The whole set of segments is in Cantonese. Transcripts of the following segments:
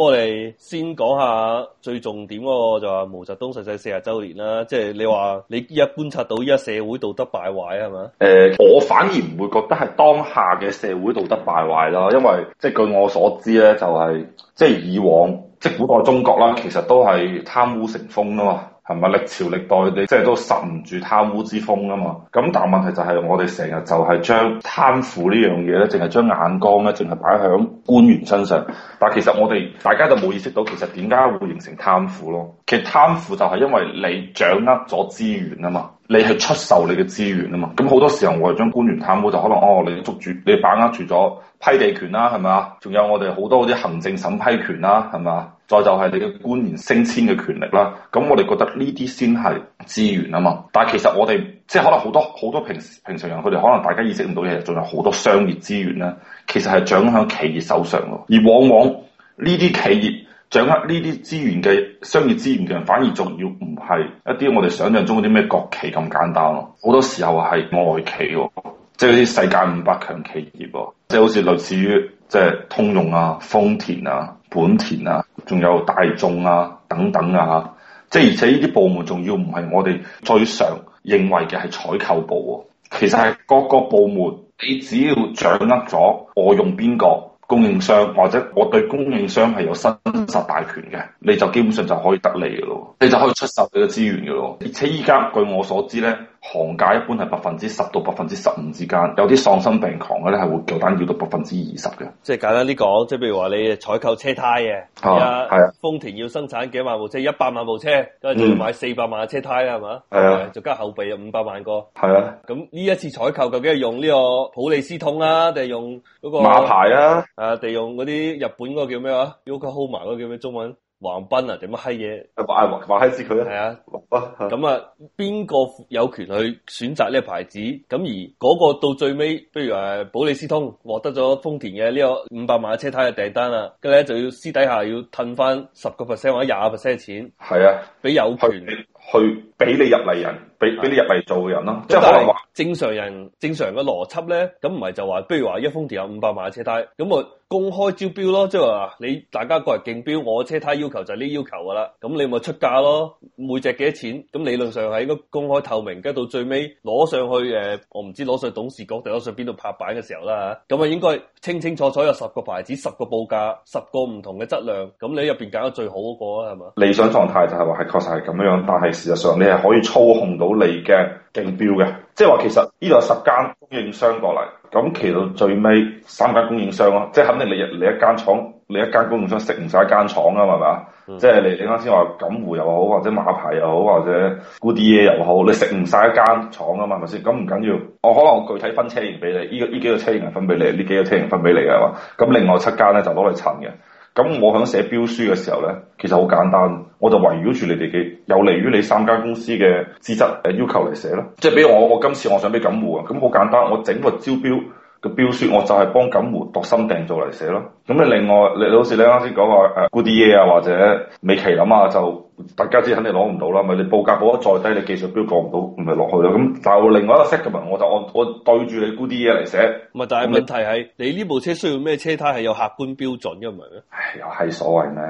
我哋先講下最重點嗰個就話毛澤東逝世四十周年啦，即係你話你依家觀察到依家社會道德敗壞係嘛？誒、呃，我反而唔會覺得係當下嘅社會道德敗壞啦，因為即係據我所知咧，就係即係以往即係古代中國啦，其實都係貪污成風啊嘛。係咪歷朝歷代啲即係都撳唔住貪污之風啊嘛？咁但係問題就係、是、我哋成日就係將貪腐呢樣嘢咧，淨係將眼光咧，淨係擺喺官員身上。但係其實我哋大家都冇意識到，其實點解會形成貪腐咯？其實貪腐就係因為你掌握咗資源啊嘛。你去出售你嘅資源啊嘛，咁好多時候我哋將官員貪污就可能哦，你捉住你把握住咗批地權啦，係咪啊？仲有我哋好多嗰啲行政審批權啦，係咪啊？再就係你嘅官員升遷嘅權力啦，咁我哋覺得呢啲先係資源啊嘛。但係其實我哋即係可能好多好多平時平常人佢哋可能大家意識唔到嘅，仲有好多商業資源咧，其實係掌喺企業手上咯。而往往呢啲企業，掌握呢啲資源嘅商業資源嘅人，反而仲要唔係一啲我哋想象中嗰啲咩國企咁簡單咯。好多時候係外企喎，哦，即係啲世界五百強企業，即係好似類似於即係通用啊、豐田啊、本田啊，仲有大眾啊等等啊。即係而且呢啲部門仲要唔係我哋最常認為嘅係採購部，哦，其實係各個部門，你只要掌握咗我用邊個。供應商或者我對供應商係有生殺大權嘅，你就基本上就可以得利嘅咯，你就可以出售你嘅資源嘅咯，而且依家據我所知咧。行價一般係百分之十到百分之十五之間，有啲喪心病狂嘅咧係會叫單叫到百分之二十嘅。即係簡單啲講，即係譬如話你採購車胎嘅，啊，係啊，豐田要生產幾萬部車，一百萬部車，咁啊要買四百萬嘅車胎啦，係嘛？係啊，就加後備啊，五百萬個。係啊吧。咁呢一次採購究竟係用呢個普利司通啊，定係用嗰、嗰個馬牌啊？誒、啊，定用嗰啲日本嗰個叫咩話？Yokohama 嗰個叫咩中文？黃斌啊，點乜閪嘢？白白閪之佢啊，係、嗯、啊，咁啊，邊個有權去選擇呢個牌子？咁而嗰個到最尾，譬如誒，普利司通獲得咗豐田嘅呢個五百萬嘅車胎嘅訂單啦、啊，跟咧就要私底下要褪翻十個 percent 或者廿個 percent 錢，係啊，俾有權。去俾你入嚟人，俾俾你入嚟做嘅人咯。的即係可能話正常人正常嘅邏輯咧，咁唔係就話，比如話一豐鐵有五百萬嘅車胎，咁咪公開招標咯，即係話你大家過嚟競標，我車胎要求就係呢要求噶啦，咁你咪出價咯，每隻幾多錢？咁理論上係應該公開透明，跟到最尾攞上去誒，我唔知攞上去董事局定攞上邊度拍板嘅時候啦嚇，咁啊應該清清楚楚有十個牌子、十個報價、十個唔同嘅質量，咁你入邊揀個最好嗰個啊，係嘛？理想狀態就係話係確實係咁樣，但係。事實上，你係可以操控到你嘅競標嘅，即係話其實呢度有十間供應商過嚟，咁其到最尾三間供應商咯，即係肯定你你一間廠，你一間供應商食唔晒一間廠啊，係咪、嗯、即係你你啱先話錦湖又好，或者馬牌又好，或者 Goodyear 又好，你食唔晒一間廠啊嘛，係咪先？咁唔緊要，我可能我具體分車型俾你，呢個呢幾個車型係分俾你，呢幾個車型分俾你係嘛？咁另外七間咧就攞嚟襯嘅。咁我喺寫標書嘅時候咧，其實好簡單，我就圍繞住你哋嘅有利於你三家公司嘅資質誒要求嚟寫咯。即係比如我我今次我想俾錦湖啊，咁好簡單，我整個招標。個標書我就係幫錦湖度身訂做嚟寫咯，咁你另外你好似你啱先講話誒，Goodyear 啊 Goodyear，或者米芝蓮啊，就大家知肯定攞唔到啦，咪你報價報得再低，你技術標過唔到，唔咪落去咯。咁但我另外一個 segment 我就按我，我對住你 Goodyear 嚟寫。咪但係問題係，你呢部車需要咩車胎係有客觀標準嘅唔係咩？唉，有閪所謂咩？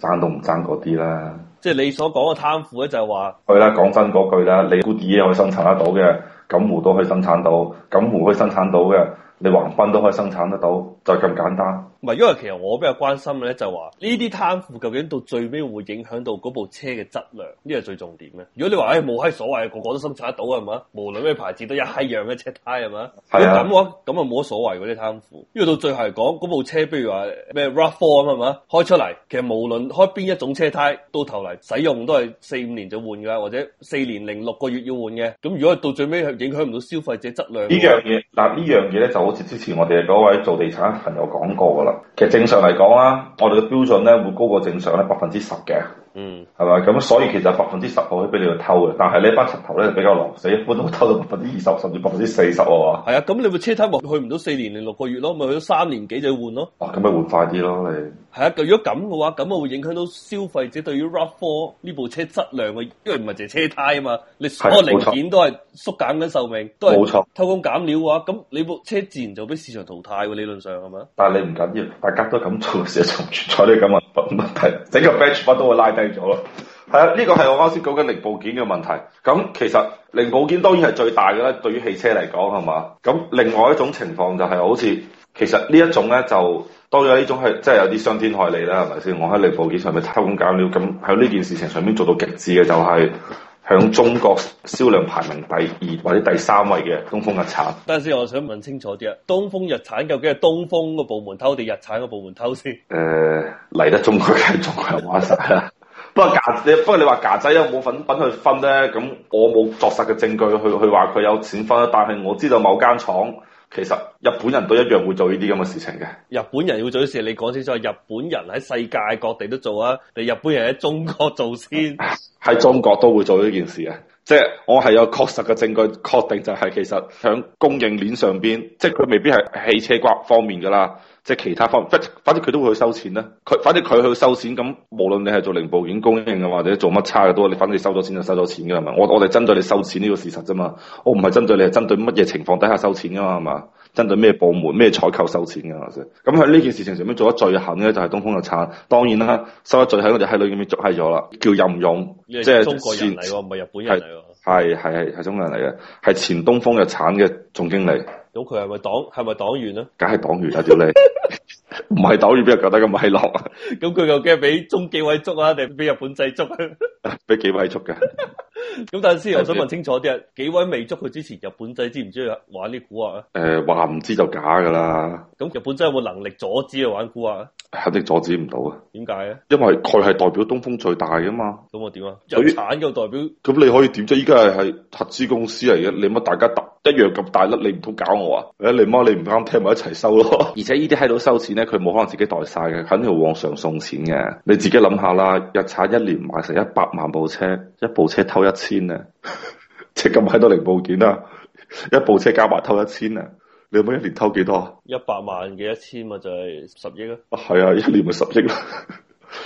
爭都唔爭嗰啲啦。即係你所講嘅貪腐咧，就係話，係啦，講真嗰句啦，你 Goodyear 可以生產得到嘅，錦湖都可以生產到，錦湖可以生產到嘅。你橫濱都可以生產得到，就咁簡單。唔係，因為其實我比較關心嘅咧，就係話呢啲貪腐究竟到最尾會影響到嗰部車嘅質量，呢個最重點咧。如果你話誒冇閪所謂，個個都生產得到係嘛？無論咩牌子都一閪樣嘅車胎係嘛？啊、如果咁講，咁啊冇所謂嗰啲貪腐。因為到最後嚟講，嗰部車譬如話咩 Rav4 咁係嘛，開出嚟其實無論開邊一種車胎，到頭嚟使用都係四五年就換㗎，或者四年零六個月要換嘅。咁如果到最尾係影響唔到消費者質量，呢樣嘢，嗱呢樣嘢咧就。好似之前我哋嗰位做地產朋友講過噶啦，其實正常嚟講啦，我哋嘅標準咧會高過正常咧百分之十嘅。嗯，係咪？咁所以其實百分之十我可以俾你去偷嘅，但係呢一班賊頭咧就比較狼死，一般都會偷到百分之二十甚至百分之四十啊嘛。係啊，咁你部車胎咪去唔到四年定六個月咯，咪去咗三年幾，啊啊、就換咯。哇，咁咪換快啲咯，你。係啊，如果咁嘅話，咁啊會影響到消費者對於 RAV4 呢部車質量嘅，因為唔係淨係車胎啊嘛，你所有零件都係縮減緊壽命，都係冇錯，偷工減料嘅話，咁你部車自然就俾市場淘汰，理論上係咪？但係你唔緊要，大家都咁做，成日做存在啲咁啊，冇問題，整個 batch 都會拉低咗咯。係啊，呢個係我啱先講緊零部件嘅問題。咁其實零部件當然係最大嘅啦，對於汽車嚟講係嘛。咁另外一種情況就係好似，其實呢一種咧就。都有呢種係真係有啲傷天害理啦，係咪先？我喺你部件上面偷工減料，咁喺呢件事情上面做到極致嘅就係喺中國銷量排名第二或者第三位嘅東風日產。但係先，我想問清楚啲啊，東風日產究竟係東風個部門偷定日產個部門偷先？誒嚟、呃、得中國嘅中國人話晒啦。不過你話架仔有冇粉品，品去分呢？咁我冇作實嘅證據去去話佢有錢分，但係我知道某間廠。其實日本人都一樣會做呢啲咁嘅事情嘅。日本人要做啲事，你講清楚。日本人喺世界各地都做啊，你日本人喺中國做先，喺 中國都會做呢件事啊。即係我係有確實嘅證據，確定就係其實響供應鏈上邊，即係佢未必係汽車關方面噶啦。即係其他方面，即反正佢都會去收錢啦。佢反正佢去收錢，咁無論你係做零部件供應啊，或者做乜差嘅都，你反正收咗錢就收咗錢嘅係咪？我我哋針對你收錢呢個事實啫嘛。我唔係針對你，係針對乜嘢情況底下收錢噶嘛係嘛？針對咩部門咩採購收錢嘅嘛。咁喺呢件事情上面做得最狠嘅就係、是、東風日產。當然啦，收得最狠我哋喺裏面捉閪咗啦，叫任勇，即係中國人嚟喎，唔係日本人嚟喎。係係係係中國人嚟嘅，係前東風日產嘅總經理。咁佢係咪黨係咪黨員啊？梗係黨員啦，屌你！唔係黨員俾人搞得咁閪浪啊？咁佢又驚俾中紀委捉啊？定俾日本仔捉啊？俾紀委捉嘅。咁但係先，我想問清楚啲啊，紀委未捉佢之前，日本仔知唔知玩啲蠱惑啊？誒、呃，話唔知就假噶啦。咁日本仔有冇能力阻止佢玩蠱啊？肯定阻止唔到啊。點解啊？因為佢係代表東風最大啊嘛。咁我點啊？有產就代表。咁 你可以點啫？依家係係合資公司嚟嘅，你乜大家一樣咁大粒，你唔好搞我啊、哎！你媽你唔啱聽，咪一齊收咯。 而且呢啲喺度收錢咧，佢冇可能自己袋晒嘅，肯定會往上送錢嘅。你自己諗下啦，日產一年賣成一百萬部車，一部車偷一千啊， 即係咁喺度零部件啊，一部車加埋偷一千啊，你可唔可以一年偷幾多？一百萬嘅一千咪就係十億啊，係 啊,啊，一年咪十億咯。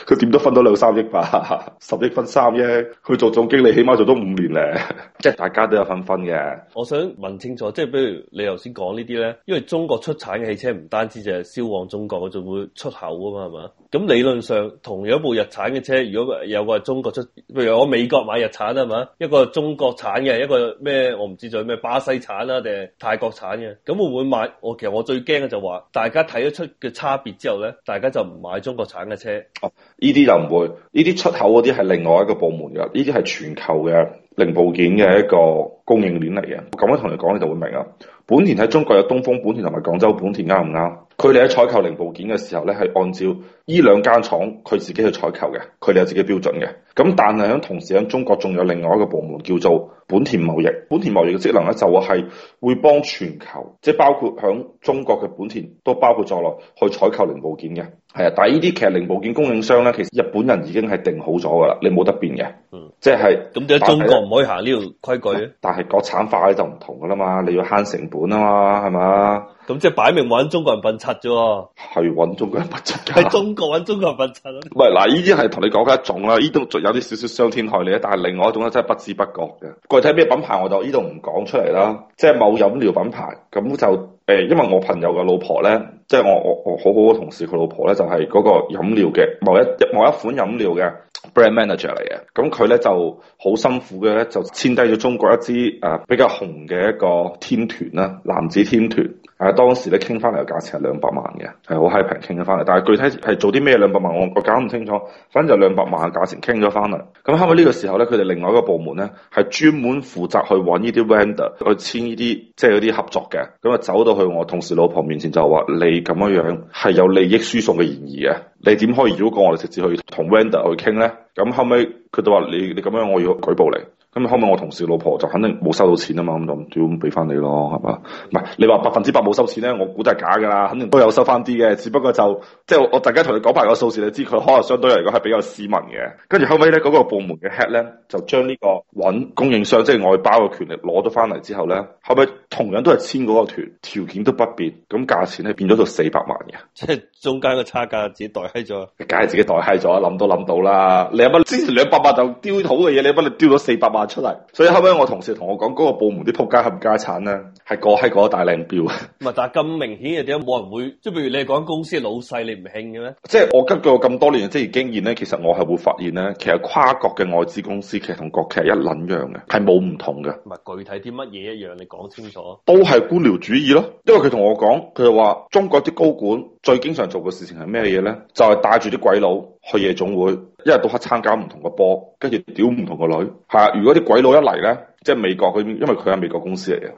佢點都分到兩三億吧， 十億分三億。佢做總經理起碼做咗五年咧，即 係大家都有分分嘅。我想問清楚，即係比如你頭先講呢啲咧，因為中國出產嘅汽車唔單止就係銷往中國，佢仲會出口啊嘛，係嘛？咁理論上，同樣一部日產嘅車，如果有個中國出，譬如我美國買日產啊嘛，一個中國產嘅，一個咩我唔知仲有咩巴西產啦定係泰國產嘅，咁會唔會買？我其實我最驚嘅就話，大家睇得出嘅差別之後咧，大家就唔買中國產嘅車。哦、啊，呢啲就唔會，呢啲出口嗰啲係另外一個部門嘅，呢啲係全球嘅零部件嘅一個供應鏈嚟嘅。咁樣同你講你就會明啦。本田喺中國有東風本田同埋廣州本田啱唔啱？佢哋喺採購零部件嘅時候咧，係按照呢兩間廠佢自己去採購嘅，佢哋有自己標準嘅。咁但係喺同時喺中國仲有另外一個部門叫做本田貿易，本田貿易嘅職能咧就係會幫全球，即係包括喺中國嘅本田都包括咗落去採購零部件嘅。係啊，但係呢啲其實零部件供應商咧，其實日本人已經係定好咗噶啦，你冇得變嘅。嗯、即係咁，即係中國唔可以行呢條規矩。但係國產化就唔同噶啦嘛，你要慳成本啊嘛，係嘛？咁、嗯、即係擺明揾中國人笨柒啫，啊。係揾中國人笨柒，啊，喺中國揾中國人笨柒。唔係嗱，呢啲係同你講嘅一種啦，呢度仲有啲少少傷天害理啊。但係另外一種咧，真係不知不覺嘅。具體咩品牌我就呢度唔講出嚟啦。即係某飲料品牌，咁就誒，因為我朋友嘅老婆咧。即係我我我好好嘅同事，佢老婆咧就係、是、嗰個飲料嘅某一某一款飲料嘅 brand manager 嚟嘅。咁佢咧就好辛苦嘅咧，就簽低咗中國一支誒、呃、比較紅嘅一個天團啦，男子天團。誒、啊、當時咧傾翻嚟嘅價錢係兩百萬嘅，係好閪平傾咗翻嚟。但係具體係做啲咩兩百萬，我我搞唔清楚。反正就兩百萬嘅價錢傾咗翻嚟。咁後尾呢個時候咧，佢哋另外一個部門咧係專門負責去揾呢啲 vendor 去簽呢啲即係嗰啲合作嘅。咁、嗯、啊走到去我同事老婆面前就話你。咁樣樣係有利益輸送嘅嫌疑嘅，你點可以如果我哋直接去同 vendor 去傾咧？咁後尾佢就話：你你咁樣我要舉報你。咁後尾我同事老婆就肯定冇收到錢啊嘛，咁就都要俾翻你咯，係嘛？唔係你話百分之百冇收錢咧，我估都係假噶啦，肯定都有收翻啲嘅，只不過就即係我我大家同你講埋個數字，你知佢可能相對嚟講係比較斯文嘅。跟住後尾咧，嗰個部門嘅 head 咧就將呢個揾供應商即係外包嘅權力攞咗翻嚟之後咧，後尾同樣都係簽嗰個團，條件都不變，咁價錢係變咗到四百萬嘅。 中間個差價自己代閪咗，梗係自己代閪咗，諗都諗到啦。你有乜之前兩百萬就丟土嘅嘢，你乜你丟咗四百萬出嚟，所以後尾我同事同我講嗰、那個部門啲仆街冚家產啦，係過閪過一大靚表啊！唔係，但係咁明顯嘅點解冇人會？即係譬如你講公司老細，你唔興嘅咩？即係我根據我咁多年嘅職業經驗咧，其實我係會發現咧，其實跨國嘅外資公司其實同國企係一撚樣嘅，係冇唔同嘅。咪具體啲乜嘢一樣？你講清楚。都係官僚主義咯，因為佢同我講，佢就話中國啲高管。最經常做嘅事情係咩嘢呢？就係帶住啲鬼佬去夜總會，一日到黑參加唔同嘅波，跟住屌唔同嘅女。係啊，如果啲鬼佬一嚟呢。即係美國嗰邊，因為佢係美國公司嚟嘅，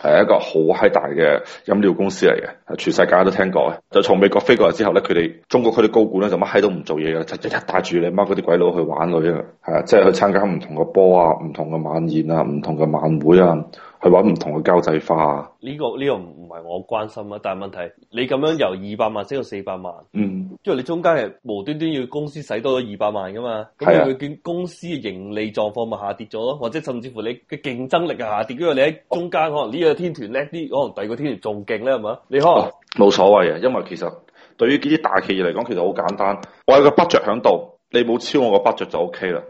係一個好閪大嘅飲料公司嚟嘅，全世界都聽過嘅。就從美國飛過嚟之後咧，佢哋中國佢啲高管咧就乜閪都唔做嘢嘅，就日日帶住你媽嗰啲鬼佬去玩佢啫，係啊，即係去參加唔同嘅波啊、唔同嘅晚宴啊、唔同嘅晚會啊，去搵唔同嘅交際花。呢個呢個唔係我關心啊，但係問題你咁樣由二百萬升到四百萬，嗯，因為你中間係無端端要公司使多咗二百萬噶嘛，咁你會見公司嘅盈利狀況咪下跌咗咯？或者甚至乎你嘅競爭力啊嚇，點解你喺中間、哦、可能呢個天團叻啲，可能第二個天團仲勁咧，係嘛？你可能冇、哦、所謂啊，因為其實對於呢啲大企業嚟講，其實好簡單。我有個 budget 喺度，你冇超我個 budget 就 OK 啦。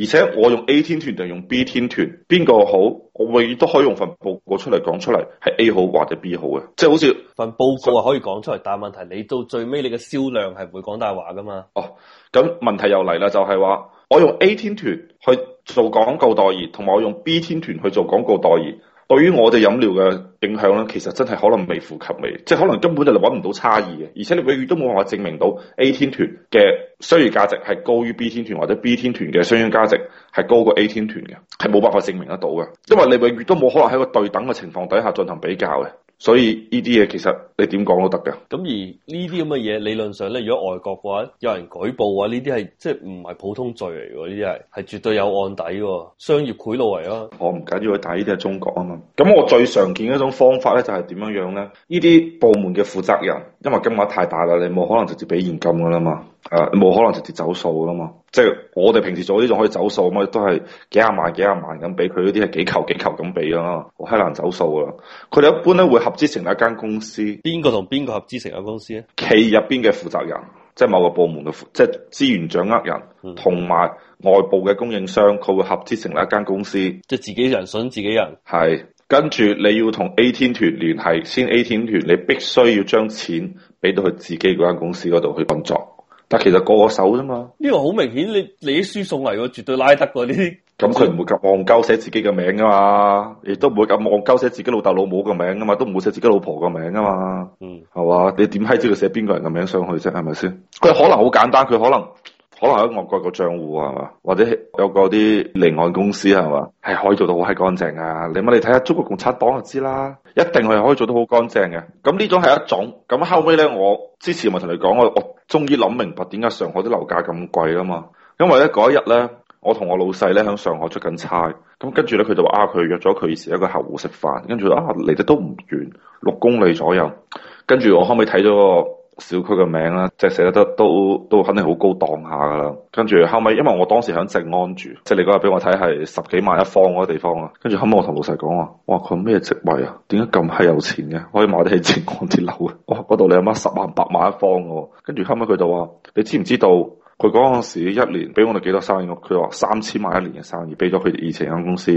而且我用 A 天團定用 B 天團，邊個好，我永遠都可以用份報告出嚟講出嚟，係 A 好或者 B 好嘅。即係好似份報告啊，可以講出嚟，是但問題你到最尾你嘅銷量係唔會講大話噶嘛？哦，咁問題又嚟啦，就係、是、話。我用 A 天團去做廣告代言，同埋我用 B 天團去做廣告代言，對於我哋飲料嘅影響咧，其實真係可能微乎其微，即係可能根本就係搵唔到差異嘅，而且你永遠都冇辦法證明到 A 天團嘅商業價值係高於 B 天團，或者 B 天團嘅商業價值係高過 A 天團嘅，係冇辦法證明得到嘅，因為你永遠都冇可能喺個對等嘅情況底下進行比較嘅。所以呢啲嘢其實你點講都得㗎。咁而呢啲咁嘅嘢理論上咧，如果外國嘅話，有人舉報嘅話，呢啲係即係唔係普通罪嚟嘅？呢啲係係絕對有案底喎，商業賄賂嚟咯。我唔緊要，睇呢啲係中國啊嘛。咁我最常見嘅一種方法咧，就係、是、點樣樣咧？呢啲部門嘅負責人，因為金額太大啦，你冇可能直接俾現金噶啦嘛，誒，冇可能直接走數噶啦嘛。即係我哋平時做呢種可以走數，咁啊都係幾廿萬幾廿萬咁俾佢嗰啲係幾球幾球咁俾噶嘛。好閪難走數噶。佢哋一般咧會合資成立一間公司，邊個同邊個合資成立公司咧？企業入邊嘅負責人，即係某個部門嘅，即係資源掌握人，同埋、嗯、外部嘅供應商，佢會合資成立一間公司，即係自己人信自己人，係。跟住你要同 A 天團聯繫，先 A 天團，你必須要將錢俾到佢自己嗰間公司嗰度去運作。但其實過個手啫嘛，呢個好明顯，你你啲輸送嚟，絕對拉得噶呢啲。咁佢唔會咁戇鳩寫自己嘅名噶嘛，亦都唔會咁戇鳩寫自己老豆老母嘅名噶嘛，都唔會寫自己老婆嘅名噶嘛。嗯，係嘛？你點閪知佢寫邊個人嘅名上去啫？係咪先？佢可能好簡單，佢可能。可能喺外國個賬戶啊，嘛，或者有個啲離岸公司啊，嘛，係可以做到好閪乾淨啊！你問你睇下中國共產黨就知啦，一定係可以做到好乾淨嘅。咁呢種係一種。咁後尾咧，我之前咪同你講，我我終於諗明白點解上海啲樓價咁貴啊嘛。因為咧嗰一日咧，我同我老細咧喺上海出緊差，咁跟住咧佢就話啊，佢約咗佢以前一個客戶食飯，跟住啊離得都唔遠，六公里左右。跟住我後尾睇咗個。小區嘅名啦，即係寫得都都肯定好高檔下噶啦。跟住後尾，因為我當時喺靜安住，即係你嗰日俾我睇，係十幾萬一方嗰個地方啊。跟住後尾我同老細講話，哇，佢咩職位啊？點解咁係有錢嘅？可以買得起靜安啲樓啊？哇，嗰度你阿媽十萬八萬一方嘅。跟住後尾佢就話：你知唔知道佢嗰陣時一年俾我哋幾多生意？佢話三千萬一年嘅生意，俾咗佢哋以前間公司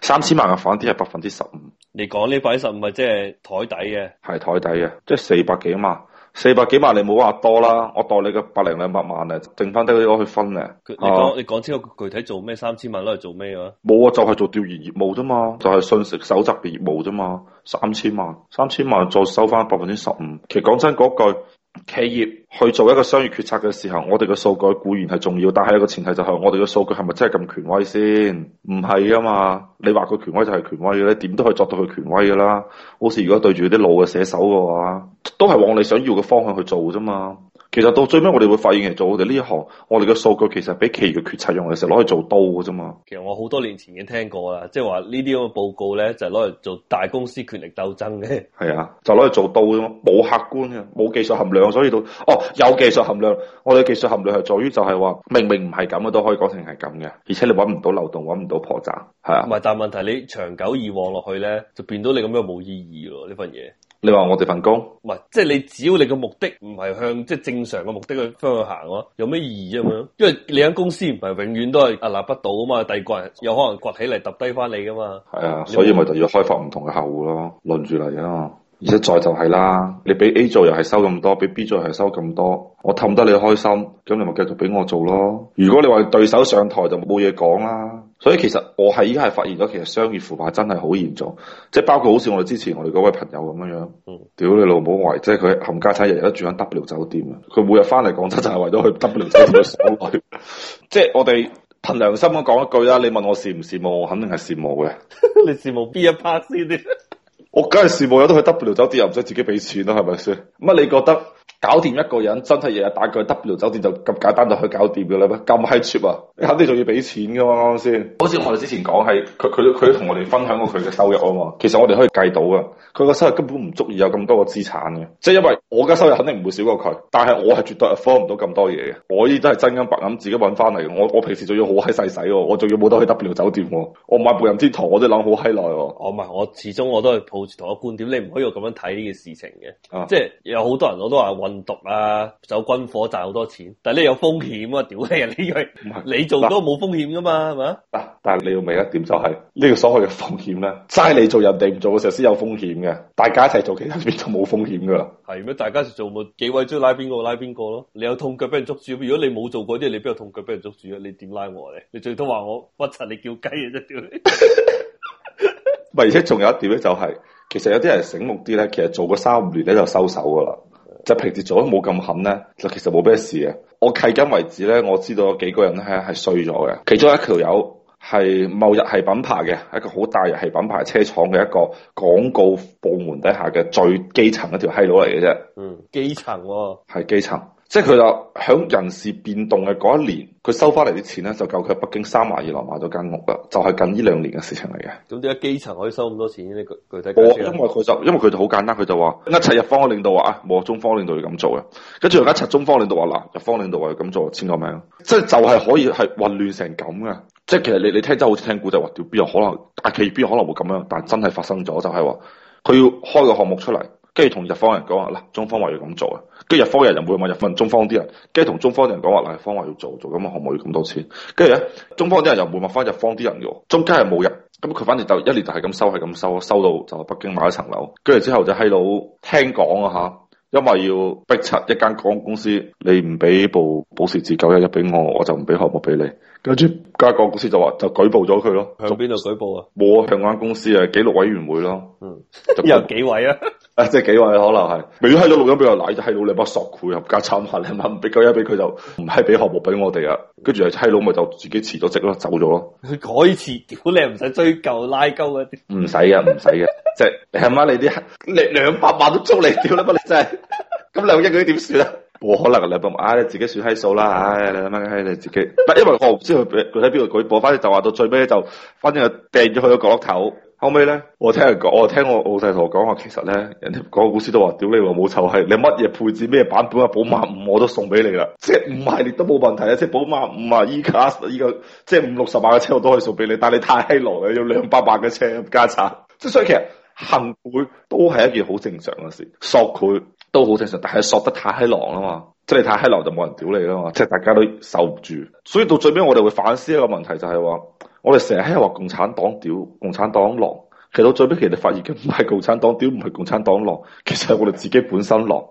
三千萬，嘅返點係百分之十五。你講呢百分之十五係即係台底嘅？係台底嘅，即係四百幾啊嘛。四百幾萬你冇話多啦，我代你個百零兩百萬說啊，剩翻低嗰啲攞去分啊。你講你講清楚具體做咩？三千萬攞嚟做咩啊？冇啊，就係、是、做調研業務啫嘛，就係、是、信息守則嘅業務啫嘛。三千萬，三千萬再收翻百分之十五。其實講真嗰句。企業去做一個商業決策嘅時候，我哋嘅數據固然係重要，但係一個前提就係我哋嘅數據係咪真係咁權威先？唔係啊嘛，你話佢權威就係權威嘅咧，點都可以作到佢權威噶啦。好似如果對住啲老嘅寫手嘅話，都係往你想要嘅方向去做啫嘛。其實到最尾我哋會發現其實做我哋呢一行，我哋嘅數據其實俾其餘嘅決策用，其實攞去做刀嘅啫嘛。其實我好多年前已經聽過啦，即係話呢啲咁嘅報告咧，就攞嚟做大公司權力鬥爭嘅。係啊，就攞嚟做刀啫嘛，冇客觀嘅，冇技術含量，所以到哦有技術含量，我哋嘅技術含量係在於就係話明明唔係咁嘅都可以講成係咁嘅，而且你搵唔到漏洞，搵唔到破綻，係啊。唔係，但係問題你長久以往落去咧，就變到你咁樣冇意義咯呢份嘢。你話我哋份工，唔係即係你，只要你嘅目的唔係向即係正常嘅目的去方向行咯，有咩意義啊嘛？因為你間公司唔係永遠都係屹立不倒啊嘛，第二個人有可能崛起嚟，揼低翻你噶嘛。係啊，所以咪就要開發唔同嘅客戶咯，輪住嚟啊嘛。而且再就係啦，你俾 A 做又係收咁多，俾 B 做又係收咁多，我氹得你開心，咁你咪繼續俾我做咯。如果你話對手上台就冇嘢講啦。所以其實我係依家係發現咗，其實商業腐敗真係好嚴重，即係包括好似我哋之前我哋嗰位朋友咁樣樣，嗯、屌你老母，即係佢冚家鏟日日都住緊 W 酒店嘅，佢每日翻嚟廣州就係為咗去 W 酒店去耍佢， 即係我哋憑良心咁講一句啦，你問我羨唔羨慕，我肯定係羨慕嘅， 你羨慕邊一 part 先？啲 ？我梗係羨慕有得去 W 酒店又唔使自己俾錢啦，係咪先？乜你覺得？搞掂一個人真係日日打佢 W 酒店就咁簡單就去搞掂嘅啦咩，咁閪 cheap 啊？你肯定仲要俾錢噶嘛，啱先？好似我哋之前講係佢佢佢同我哋分享過佢嘅收入啊嘛，其實我哋可以計到啊。佢個收入根本唔足以有咁多個資產嘅，即係因為我嘅收入肯定唔會少過佢，但係我係絕對係 f 唔到咁多嘢嘅。我呢都係真金白銀自己搵翻嚟嘅，我我平時仲要好閪細使，我仲要冇得去 W 酒店，啊，我買無人之堂，我、啊、我，我，我都諗好閪耐。我唔係我始終我都係抱住同一個觀點，你唔可以咁樣睇呢件事情嘅。啊、即係有好多人我都話。運毒啊，走軍火賺好多錢，但係你有風險啊！屌你啊！你做都冇風險噶嘛？嗱，係嘛？但係你要明白一點就係呢個所謂嘅風險咧，齋你做人哋唔做嘅時候先有風險嘅，大家一齊做其他邊就冇風險噶啦。係咩？大家做冇幾位中意拉邊個拉邊個咯？你有痛腳俾人捉住，如果你冇做嗰啲，你邊有痛腳俾人捉住啊？你點拉我咧？你最多話我屈柒你叫雞啊！真屌你！咪而且仲有一點咧，就係，就係其實有啲人醒目啲咧，其實做個三五年咧就收手噶啦。就平時做得冇咁狠咧，就其實冇咩事嘅。我迄今為止咧，我知道有幾個人咧係係衰咗嘅。其中一條友係某日係品牌嘅，一個好大日係品牌車廠嘅一個廣告部門底下嘅最基層一條閪佬嚟嘅啫。嗯，基層喎，哦，係基層。即係佢就喺人事變動嘅嗰一年，佢收翻嚟啲錢咧，就夠佢喺北京三環二樓買咗間屋啦。就係近呢兩年嘅事情嚟嘅。咁點解基層可以收咁多錢咧？具具體我因為佢就因為佢就好簡單，佢就話：一齊日方嘅領導話啊，冇中方領導要咁做嘅。跟住而家齊中方領導話嗱、啊，日方領導話要咁做，簽個名。即係就係可以係混亂成咁嘅。即係其實你你聽真好似聽古仔話，屌邊有可能大企業，邊可能會咁樣，但真係發生咗就係話佢要開個項目出嚟。跟住同日方人講話嗱，中方話要咁做啊。跟住日方人又會問,問,問,問日方，中方啲人，跟住同中方啲人講話，日方話要做做咁啊，可唔可以咁多錢？跟住咧，中方啲人又會問翻日方啲人噶，中間係冇人，咁佢反正就一年就係咁收，係咁收，收到就北京買一層樓。跟住之後就喺度聽講啊吓，因為要逼拆一間廣告公司，你唔俾部保時捷九一一俾我，我就唔俾項目俾你。跟住間廣告公司就話就舉報咗佢咯，向邊度舉報啊？冇啊，向嗰間公司啊，紀律委員會咯。嗯， 有幾位啊？ 誒，即係幾位可能係，咪要閪咗錄音俾我，拉，就閪佬你媽索賄，又加慘下你媽唔俾九億俾佢就唔閪俾項目俾我哋啊，跟住係閪佬咪就自己辭咗職咯，走咗咯，佢改以屌你唔使追究拉鈎啲唔使嘅唔使嘅， 即係你阿媽你啲，你兩百萬都捉你，屌嘛，你真係，咁兩億嗰啲點算啊？冇 可能兩百萬，啊，你自己算閪數啦，唉、哎，你媽閪你自己， 不因為我唔知佢佢喺邊度舉報，反正就話到最尾，就，反正就掟咗去個角落頭。後尾咧，我聽人講，我聽我老細同我講話，其實咧，人哋講、那個故事都話，屌你，冇臭氣，你乜嘢配置咩版本啊，寶馬五，我都送俾你啦。即係唔賣你都冇問題啊，即係寶馬五啊，E 卡 l a s 個，即係五六十萬嘅車，我都可以送俾你。但係你太犀狼啦，要兩百萬嘅車加價，即係所以其實行佢都係一件好正常嘅事，索佢都好正常，但係索得太犀狼啦嘛，即係太犀利就冇人屌你啦嘛，即係大家都受唔住。所以到最尾我哋會反思一個問題就，就係話。我哋成日喺度話共產黨屌，共產黨狼，其實到最尾，其實發現佢唔係共產黨屌，唔係共產黨狼，其實係我哋自己本身狼。